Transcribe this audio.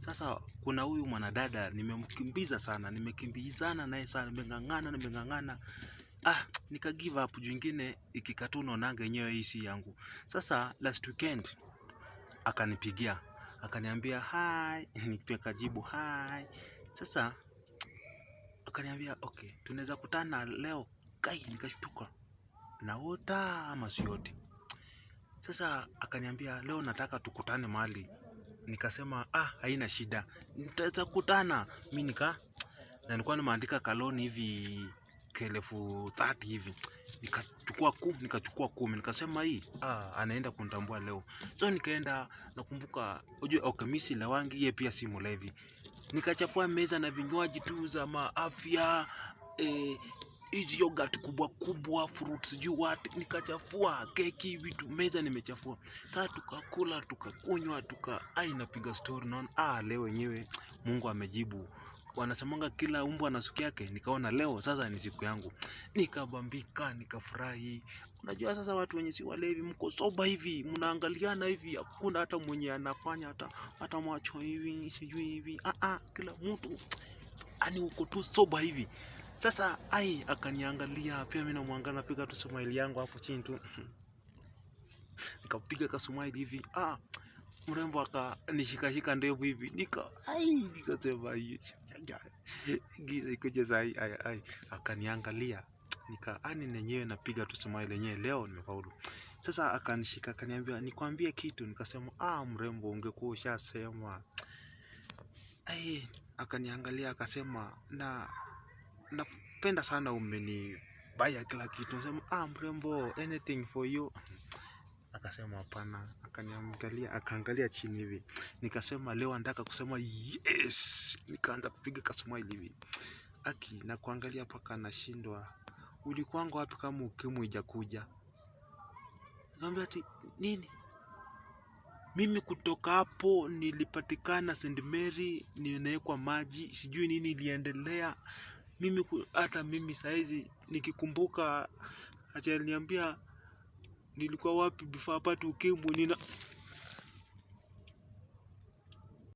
Sasa kuna huyu mwanadada nimemkimbiza sana, nimekimbizana naye sana, nimeng'ang'ana, nimeng'ang'ana ah, nika give up. Jingine ikikata unaonanga yenyewe, hii si yangu. Sasa last weekend akanipigia akaniambia hi, nikipa kajibu hi. Sasa akaniambia okay, tunaweza kutana leo kai. Nikashtuka naota ama sioti. Sasa akaniambia leo nataka tukutane mahali nikasema ah, haina shida, nitaweza kukutana. Mimi nika na nilikuwa nimeandika kaloni hivi kelefu 30 hivi nikachukua kumi nikachukua kumi nikasema hii ah, anaenda kunitambua leo so nikaenda nakumbuka ujue okay, misi lewangi yeye pia si mlevi nikachafua meza na vinywaji tu za maafya eh, hizi yogurt kubwa kubwa, fruits juu what, nikachafua keki, vitu meza nimechafua. Sasa tukakula tukakunywa tuka, ai napiga story naona ah, leo wenyewe Mungu amejibu wanasemanga kila umbu na siku yake. Nikaona leo sasa ni siku yangu, nikabambika, nikafurahi. Unajua sasa watu wenye si walevi, mko soba hivi, mnaangaliana hivi, hakuna hata mwenye anafanya hata hata macho hivi sijui hivi. Ah, ah, kila mtu ani uko tu soba hivi. Sasa ai akaniangalia pia mimi namwangalia napiga tu smile yangu hapo chini tu. Nikapiga ka smile hivi. Ah, mrembo akanishikashika ndevu hivi. Nika ai nikasema hiyo. Giza iko je sai ai ai akaniangalia. Nika ani ah, nenyewe napiga tu smile yenyewe leo nimefaulu. Sasa akanishika akaniambia nikwambie kitu nikasema ah mrembo ungekuwa ushasema. Ai akaniangalia akasema na napenda sana umeni baya kila kitu. Nasema ah, mrembo, anything for you. Akasema hapana, akaniangalia, akaangalia chini hivi. Nikasema leo nataka kusema yes, nikaanza kupiga kasumali hivi aki na kuangalia paka nashindwa, ulikwanga wapi kama ukimwi ijakuja? Nikamwambia ati nini? Mimi kutoka hapo nilipatikana St Mary, ninawekwa maji, sijui nini iliendelea mimi hata mimi saizi nikikumbuka ati aliniambia nilikuwa wapi before apate ukimwi nina